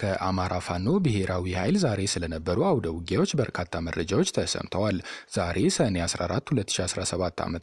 ከአማራ ፋኖ ብሔራዊ ኃይል ዛሬ ስለነበሩ አውደ ውጊያዎች በርካታ መረጃዎች ተሰምተዋል። ዛሬ ሰኔ 14 2017 ዓ ም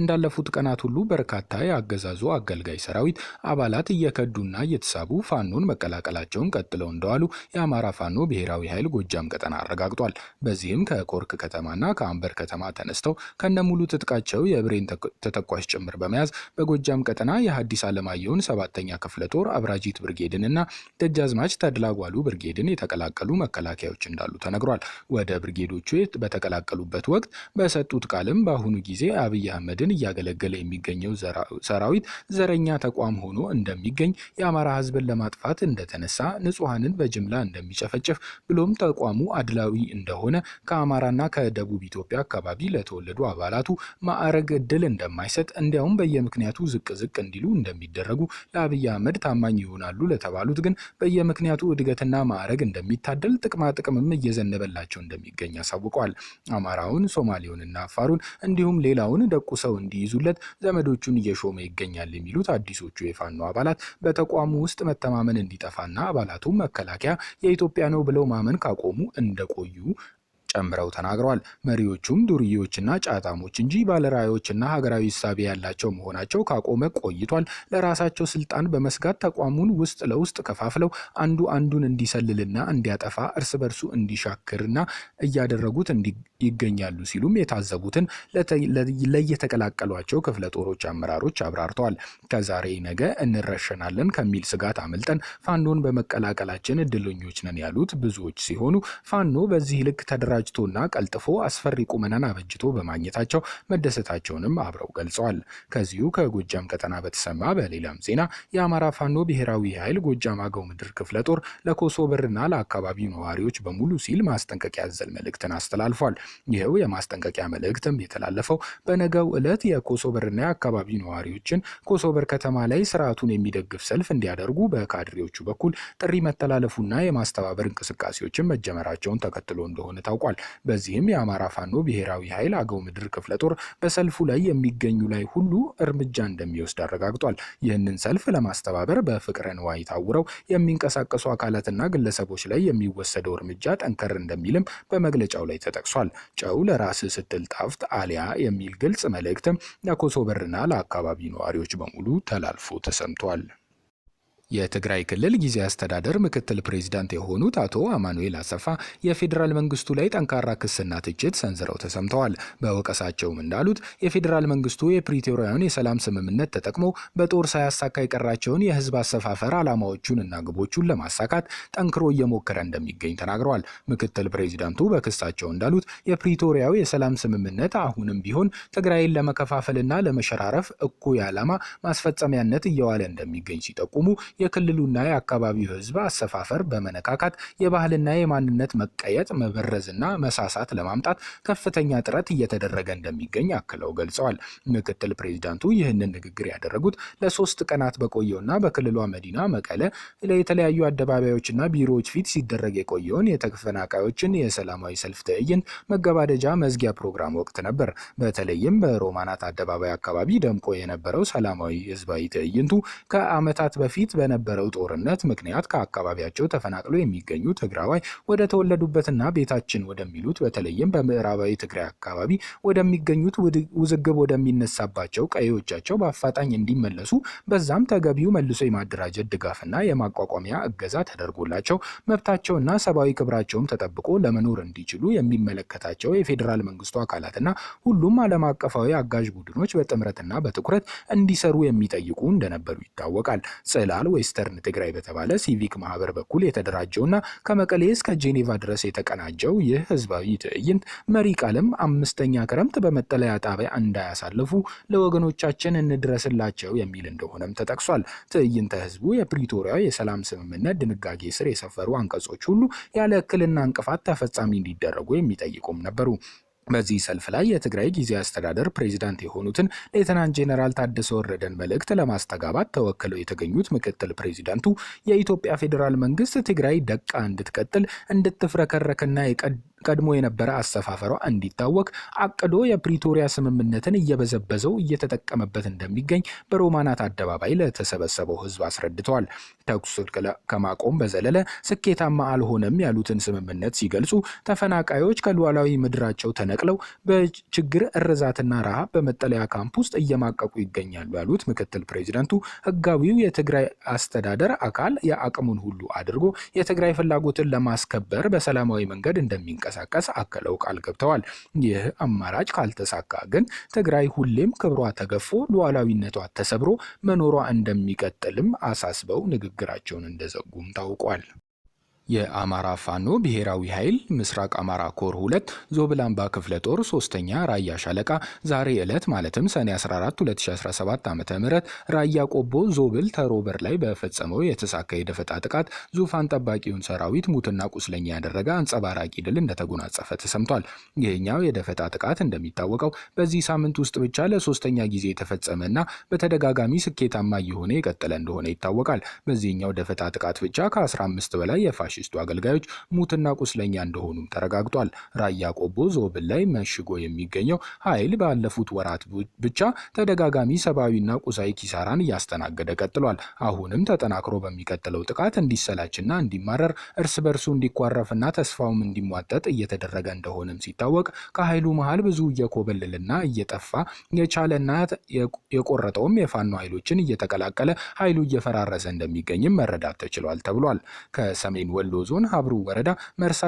እንዳለፉት ቀናት ሁሉ በርካታ የአገዛዙ አገልጋይ ሰራዊት አባላት እየከዱና እየተሳቡ ፋኖን መቀላቀላቸውን ቀጥለው እንደዋሉ የአማራ ፋኖ ብሔራዊ ኃይል ጎጃም ቀጠና አረጋግጧል። በዚህም ከኮርክ ከተማና ከአንበር ከተማ ተነስተው ከነሙሉ ትጥቃቸው የብሬን ተተኳሽ ጭምር በመያዝ በጎጃም ቀጠና የሐዲስ ዓለማየሁን ሰባተኛ ክፍለ ጦር አብራጂት ብርጌድንና ደጃዝማች ተድላ ተድላጓሉ ብርጌድን የተቀላቀሉ መከላከያዎች እንዳሉ ተነግሯል። ወደ ብርጌዶቹ በተቀላቀሉበት ወቅት በሰጡት ቃልም በአሁኑ ጊዜ አብይ አህመድን እያገለገለ የሚገኘው ሰራዊት ዘረኛ ተቋም ሆኖ እንደሚገኝ፣ የአማራ ህዝብን ለማጥፋት እንደተነሳ፣ ንጹሐንን በጅምላ እንደሚጨፈጨፍ ብሎም ተቋሙ አድላዊ እንደሆነ ከአማራና ከደቡብ ኢትዮጵያ አካባቢ ለተወለዱ አባላቱ ማዕረግ እድል እንደማይሰጥ እንዲያውም በየምክንያቱ ዝቅ ዝቅ እንዲሉ እንደሚደረጉ ለአብይ አህመድ ታማኝ ይሆናሉ ለተባሉት ግን በየምክ በምክንያቱ እድገትና ማዕረግ እንደሚታደል ጥቅማ ጥቅምም እየዘነበላቸው እንደሚገኝ አሳውቀዋል። አማራውን፣ ሶማሌውንና አፋሩን እንዲሁም ሌላውን ደቁ ሰው እንዲይዙለት ዘመዶቹን እየሾመ ይገኛል የሚሉት አዲሶቹ የፋኖ አባላት በተቋሙ ውስጥ መተማመን እንዲጠፋና አባላቱ መከላከያ የኢትዮጵያ ነው ብለው ማመን ካቆሙ እንደቆዩ ጨምረው ተናግረዋል። መሪዎቹም ዱርዬዎችና ጫጣሞች እንጂ ባለራዕዮችና ሀገራዊ እሳቤ ያላቸው መሆናቸው ካቆመ ቆይቷል። ለራሳቸው ስልጣን በመስጋት ተቋሙን ውስጥ ለውስጥ ከፋፍለው አንዱ አንዱን እንዲሰልልና እንዲያጠፋ እርስ በርሱ እንዲሻክርና እያደረጉት ይገኛሉ ሲሉም የታዘቡትን ለየተቀላቀሏቸው ክፍለ ጦሮች አመራሮች አብራርተዋል። ከዛሬ ነገ እንረሸናለን ከሚል ስጋት አመልጠን ፋኖን በመቀላቀላችን እድለኞች ነን ያሉት ብዙዎች ሲሆኑ ፋኖ በዚህ ልክ ተደራጅቶና ቀልጥፎ አስፈሪ ቁመናን አበጅቶ በማግኘታቸው መደሰታቸውንም አብረው ገልጸዋል። ከዚሁ ከጎጃም ቀጠና በተሰማ በሌላም ዜና የአማራ ፋኖ ብሔራዊ ኃይል ጎጃም አገው ምድር ክፍለ ጦር ለኮሶ ብርና ለአካባቢው ነዋሪዎች በሙሉ ሲል ማስጠንቀቂያ ያዘል መልእክትን አስተላልፏል። ይኸው የማስጠንቀቂያ መልእክትም የተላለፈው በነገው ዕለት የኮሶበርና የአካባቢ ነዋሪዎችን ኮሶበር ከተማ ላይ ስርዓቱን የሚደግፍ ሰልፍ እንዲያደርጉ በካድሬዎቹ በኩል ጥሪ መተላለፉና የማስተባበር እንቅስቃሴዎችን መጀመራቸውን ተከትሎ እንደሆነ ታውቋል። በዚህም የአማራ ፋኖ ብሔራዊ ኃይል አገው ምድር ክፍለ ጦር በሰልፉ ላይ የሚገኙ ላይ ሁሉ እርምጃ እንደሚወስድ አረጋግጧል። ይህንን ሰልፍ ለማስተባበር በፍቅረ ንዋይ ታውረው የሚንቀሳቀሱ አካላትና ግለሰቦች ላይ የሚወሰደው እርምጃ ጠንከር እንደሚልም በመግለጫው ላይ ተጠቅሷል። ጨው ለራስ ስትል ጣፍት አሊያ የሚል ግልጽ መልእክት ለኮሶበርና ለአካባቢ ነዋሪዎች በሙሉ ተላልፎ ተሰምቷል። የትግራይ ክልል ጊዜ አስተዳደር ምክትል ፕሬዚዳንት የሆኑት አቶ አማኑኤል አሰፋ የፌዴራል መንግስቱ ላይ ጠንካራ ክስና ትችት ሰንዝረው ተሰምተዋል። በወቀሳቸውም እንዳሉት የፌዴራል መንግስቱ የፕሪቶሪያውን የሰላም ስምምነት ተጠቅሞ በጦር ሳያሳካ የቀራቸውን የህዝብ አሰፋፈር እና ግቦቹን ለማሳካት ጠንክሮ እየሞከረ እንደሚገኝ ተናግረዋል። ምክትል ፕሬዚዳንቱ በክሳቸው እንዳሉት የፕሪቶሪያው የሰላም ስምምነት አሁንም ቢሆን ትግራይን ለመከፋፈልና ለመሸራረፍ እኩይ ዓላማ ማስፈጸሚያነት እየዋለ እንደሚገኝ ሲጠቁሙ የክልሉና የአካባቢው ህዝብ አሰፋፈር በመነካካት የባህልና የማንነት መቀየጥ መበረዝና መሳሳት ለማምጣት ከፍተኛ ጥረት እየተደረገ እንደሚገኝ አክለው ገልጸዋል። ምክትል ፕሬዚዳንቱ ይህንን ንግግር ያደረጉት ለሶስት ቀናት በቆየውና በክልሏ መዲና መቀለ የተለያዩ አደባባዮችና ቢሮዎች ፊት ሲደረግ የቆየውን የተፈናቃዮችን የሰላማዊ ሰልፍ ትዕይንት መገባደጃ መዝጊያ ፕሮግራም ወቅት ነበር። በተለይም በሮማናት አደባባይ አካባቢ ደምቆ የነበረው ሰላማዊ ህዝባዊ ትዕይንቱ ከዓመታት በፊት በነበረው ጦርነት ምክንያት ከአካባቢያቸው ተፈናቅለው የሚገኙ ትግራዋይ ወደ ተወለዱበትና ቤታችን ወደሚሉት በተለይም በምዕራባዊ ትግራይ አካባቢ ወደሚገኙት ውዝግብ ወደሚነሳባቸው ቀዬዎቻቸው በአፋጣኝ እንዲመለሱ በዛም ተገቢው መልሶ የማደራጀት ድጋፍና የማቋቋሚያ እገዛ ተደርጎላቸው መብታቸውና ሰብአዊ ክብራቸውም ተጠብቆ ለመኖር እንዲችሉ የሚመለከታቸው የፌዴራል መንግስቱ አካላትና ሁሉም ዓለም አቀፋዊ አጋዥ ቡድኖች በጥምረትና በትኩረት እንዲሰሩ የሚጠይቁ እንደነበሩ ይታወቃል። ጽላል ዌስተርን ትግራይ በተባለ ሲቪክ ማህበር በኩል የተደራጀውና ከመቀሌ እስከ ጄኔቫ ድረስ የተቀናጀው ይህ ህዝባዊ ትዕይንት መሪ ቃልም አምስተኛ ክረምት በመጠለያ ጣቢያ እንዳያሳልፉ ለወገኖቻችን እንድረስላቸው የሚል እንደሆነም ተጠቅሷል። ትዕይንተ ህዝቡ የፕሪቶሪያ የሰላም ስምምነት ድንጋጌ ስር የሰፈሩ አንቀጾች ሁሉ ያለ እክልና እንቅፋት ተፈጻሚ እንዲደረጉ የሚጠይቁም ነበሩ። በዚህ ሰልፍ ላይ የትግራይ ጊዜ አስተዳደር ፕሬዚዳንት የሆኑትን ሌተናንት ጄኔራል ታደሰ ወረደን መልእክት ለማስተጋባት ተወክለው የተገኙት ምክትል ፕሬዚዳንቱ የኢትዮጵያ ፌዴራል መንግስት ትግራይ ደቃ እንድትቀጥል እንድትፍረከረክና ቀድሞ የነበረ አሰፋፈሯ እንዲታወቅ አቅዶ የፕሪቶሪያ ስምምነትን እየበዘበዘው እየተጠቀመበት እንደሚገኝ በሮማናት አደባባይ ለተሰበሰበው ሕዝብ አስረድተዋል። ተኩስ ከማቆም በዘለለ ስኬታማ አልሆነም ያሉትን ስምምነት ሲገልጹ ተፈናቃዮች ከሉዓላዊ ምድራቸው ተነቅለው በችግር እርዛትና ረሃብ በመጠለያ ካምፕ ውስጥ እየማቀቁ ይገኛሉ ያሉት ምክትል ፕሬዚደንቱ ህጋዊው የትግራይ አስተዳደር አካል የአቅሙን ሁሉ አድርጎ የትግራይ ፍላጎትን ለማስከበር በሰላማዊ መንገድ እንደሚንቀሳ እንደሚንቀሳቀስ አክለው ቃል ገብተዋል። ይህ አማራጭ ካልተሳካ ግን ትግራይ ሁሌም ክብሯ ተገፎ ሉዓላዊነቷ ተሰብሮ መኖሯ እንደሚቀጥልም አሳስበው ንግግራቸውን እንደዘጉም ታውቋል። የአማራ ፋኖ ብሔራዊ ኃይል ምስራቅ አማራ ኮር ሁለት ዞብላምባ ክፍለ ጦር ሶስተኛ ራያ ሻለቃ ዛሬ ዕለት ማለትም ሰኔ 14 2017 ዓ ም ራያ ቆቦ ዞብል ተሮበር ላይ በፈጸመው የተሳካ የደፈጣ ጥቃት ዙፋን ጠባቂውን ሰራዊት ሙትና ቁስለኛ ያደረገ አንጸባራቂ ድል እንደተጎናጸፈ ተሰምቷል። ይህኛው የደፈጣ ጥቃት እንደሚታወቀው በዚህ ሳምንት ውስጥ ብቻ ለሶስተኛ ጊዜ የተፈጸመና በተደጋጋሚ ስኬታማ እየሆነ የቀጠለ እንደሆነ ይታወቃል። በዚህኛው ደፈጣ ጥቃት ብቻ ከ15 በላይ የፋሽ የፋሺስቱ አገልጋዮች ሙትና ቁስለኛ እንደሆኑም ተረጋግጧል። ራያ ቆቦ ዞብል ላይ መሽጎ የሚገኘው ኃይል ባለፉት ወራት ብቻ ተደጋጋሚ ሰብአዊና ቁሳዊ ኪሳራን እያስተናገደ ቀጥሏል። አሁንም ተጠናክሮ በሚቀጥለው ጥቃት እንዲሰላችና እንዲማረር እርስ በርሱ እንዲኳረፍና ተስፋውም እንዲሟጠጥ እየተደረገ እንደሆነም ሲታወቅ ከኃይሉ መሃል ብዙ እየኮበለለና እየጠፋ የቻለና የቆረጠውም የፋኖ ኃይሎችን እየተቀላቀለ ኃይሉ እየፈራረሰ እንደሚገኝም መረዳት ተችሏል ተብሏል። ከሰሜን ወ ወሎ ዞን ሀብሩ ወረዳ መርሳ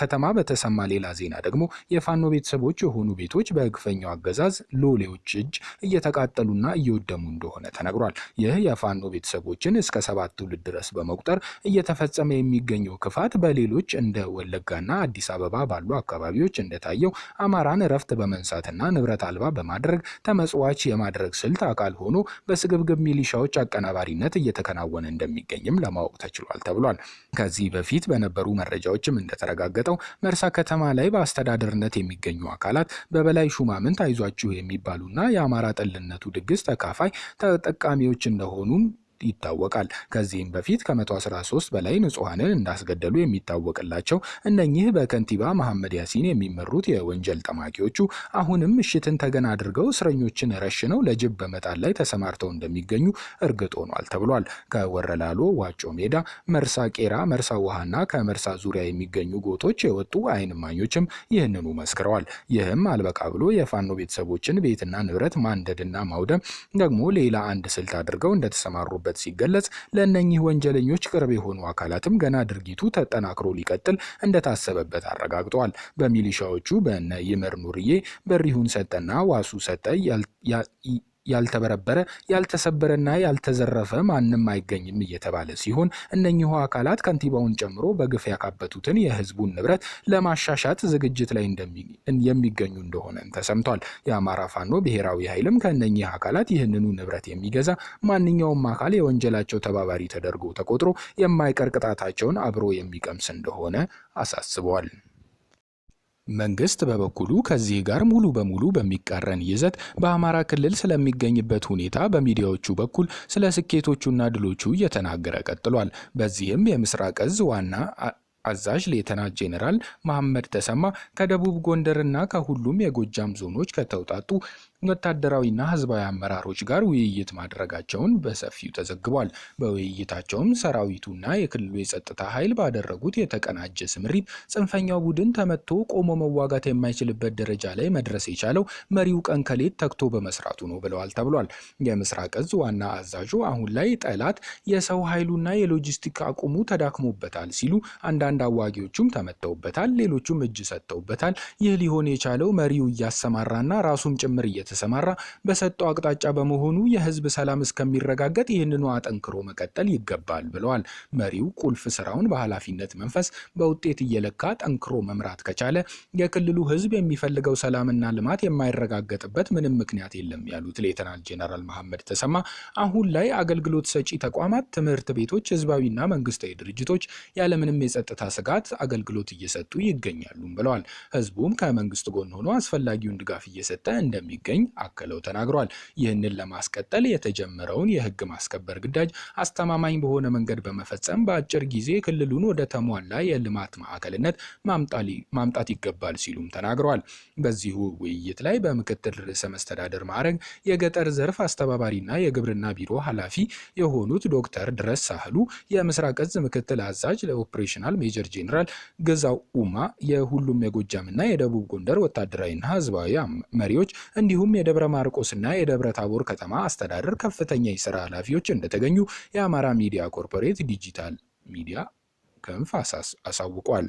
ከተማ በተሰማ ሌላ ዜና ደግሞ የፋኖ ቤተሰቦች የሆኑ ቤቶች በግፈኛው አገዛዝ ሎሌዎች እጅ እየተቃጠሉና እየወደሙ እንደሆነ ተነግሯል። ይህ የፋኖ ቤተሰቦችን እስከ ሰባት ትውልድ ድረስ በመቁጠር እየተፈጸመ የሚገኘው ክፋት በሌሎች እንደ ወለጋና አዲስ አበባ ባሉ አካባቢዎች እንደታየው አማራን እረፍት በመንሳትና ንብረት አልባ በማድረግ ተመጽዋች የማድረግ ስልት አካል ሆኖ በስግብግብ ሚሊሻዎች አቀናባሪነት እየተከናወነ እንደሚገኝም ለማወቅ ተችሏል ተብሏል። ከዚህ በፊት በነበሩ መረጃዎችም እንደተረጋገጠው መርሳ ከተማ ላይ በአስተዳደርነት የሚገኙ አካላት በበላይ ሹማምንት አይዟችሁ የሚባሉና የአማራ ጠልነቱ ድግስ ተካፋይ ተጠቃሚዎች እንደሆኑም ይታወቃል። ከዚህም በፊት ከ113 በላይ ንጹሐንን እንዳስገደሉ የሚታወቅላቸው እነኚህ በከንቲባ መሐመድ ያሲን የሚመሩት የወንጀል ጠማቂዎቹ አሁንም ምሽትን ተገና አድርገው እስረኞችን ረሽነው ለጅብ በመጣል ላይ ተሰማርተው እንደሚገኙ እርግጥ ሆኗል ተብሏል። ከወረላሎ ዋጮ ሜዳ፣ መርሳ ቄራ፣ መርሳ ውሃና ከመርሳ ዙሪያ የሚገኙ ጎጦች የወጡ አይንማኞችም ይህንኑ መስክረዋል። ይህም አልበቃ ብሎ የፋኖ ቤተሰቦችን ቤትና ንብረት ማንደድና ማውደም ደግሞ ሌላ አንድ ስልት አድርገው እንደተሰማሩበት እንዳለበት ሲገለጽ ለእነኚህ ወንጀለኞች ቅርብ የሆኑ አካላትም ገና ድርጊቱ ተጠናክሮ ሊቀጥል እንደታሰበበት አረጋግጠዋል። በሚሊሻዎቹ በነ ይመር ኑርዬ፣ በሪሁን ሰጠና ዋሱ ሰጠ ያልተበረበረ ያልተሰበረና ያልተዘረፈ ማንም አይገኝም እየተባለ ሲሆን እነኚሁ አካላት ከንቲባውን ጨምሮ በግፍ ያካበቱትን የህዝቡን ንብረት ለማሻሻት ዝግጅት ላይ የሚገኙ እንደሆነ ተሰምቷል። የአማራ ፋኖ ብሔራዊ ኃይልም ከእነኚህ አካላት ይህንኑ ንብረት የሚገዛ ማንኛውም አካል የወንጀላቸው ተባባሪ ተደርጎ ተቆጥሮ የማይቀር ቅጣታቸውን አብሮ የሚቀምስ እንደሆነ አሳስበዋል። መንግስት በበኩሉ ከዚህ ጋር ሙሉ በሙሉ በሚቃረን ይዘት በአማራ ክልል ስለሚገኝበት ሁኔታ በሚዲያዎቹ በኩል ስለ ስኬቶቹና ድሎቹ እየተናገረ ቀጥሏል። በዚህም የምስራቅ እዝ ዋና አዛዥ ሌተና ጄኔራል መሐመድ ተሰማ ከደቡብ ጎንደርና ከሁሉም የጎጃም ዞኖች ከተውጣጡ ወታደራዊና ህዝባዊ አመራሮች ጋር ውይይት ማድረጋቸውን በሰፊው ተዘግቧል። በውይይታቸውም ሰራዊቱና የክልሉ የጸጥታ ኃይል ባደረጉት የተቀናጀ ስምሪት ጽንፈኛው ቡድን ተመቶ ቆሞ መዋጋት የማይችልበት ደረጃ ላይ መድረስ የቻለው መሪው ቀን ከሌት ተግቶ በመስራቱ ነው ብለዋል ተብሏል። የምስራቅ እዝ ዋና አዛዡ አሁን ላይ ጠላት የሰው ኃይሉና የሎጂስቲክ አቁሙ ተዳክሞበታል ሲሉ አንዳንድ አንዳንድ አዋጊዎቹም ተመተውበታል፣ ሌሎቹም እጅ ሰጥተውበታል። ይህ ሊሆን የቻለው መሪው እያሰማራና ራሱም ጭምር እየተሰማራ በሰጠው አቅጣጫ በመሆኑ የህዝብ ሰላም እስከሚረጋገጥ ይህንኑ አጠንክሮ መቀጠል ይገባል ብለዋል። መሪው ቁልፍ ስራውን በኃላፊነት መንፈስ በውጤት እየለካ ጠንክሮ መምራት ከቻለ የክልሉ ህዝብ የሚፈልገው ሰላምና ልማት የማይረጋገጥበት ምንም ምክንያት የለም ያሉት ሌተናል ጄኔራል መሐመድ ተሰማ አሁን ላይ አገልግሎት ሰጪ ተቋማት፣ ትምህርት ቤቶች፣ ህዝባዊና መንግስታዊ ድርጅቶች ያለምንም የጸጥታ የጸጥታ ስጋት አገልግሎት እየሰጡ ይገኛሉ ብለዋል። ህዝቡም ከመንግስት ጎን ሆኖ አስፈላጊውን ድጋፍ እየሰጠ እንደሚገኝ አክለው ተናግሯል። ይህንን ለማስቀጠል የተጀመረውን የህግ ማስከበር ግዳጅ አስተማማኝ በሆነ መንገድ በመፈጸም በአጭር ጊዜ ክልሉን ወደ ተሟላ የልማት ማዕከልነት ማምጣት ይገባል ሲሉም ተናግረዋል። በዚሁ ውይይት ላይ በምክትል ርዕሰ መስተዳደር ማዕረግ የገጠር ዘርፍ አስተባባሪና የግብርና ቢሮ ኃላፊ የሆኑት ዶክተር ድረስ ሳህሉ የምስራቅ እዝ ምክትል አዛዥ ለኦፕሬሽናል ሜጀር ጄኔራል ገዛው ኡማ የሁሉም የጎጃምና የደቡብ ጎንደር ወታደራዊና ህዝባዊ መሪዎች እንዲሁም የደብረ ማርቆስና የደብረ ታቦር ከተማ አስተዳደር ከፍተኛ የስራ ኃላፊዎች እንደተገኙ የአማራ ሚዲያ ኮርፖሬት ዲጂታል ሚዲያ ክንፍ አሳውቋል።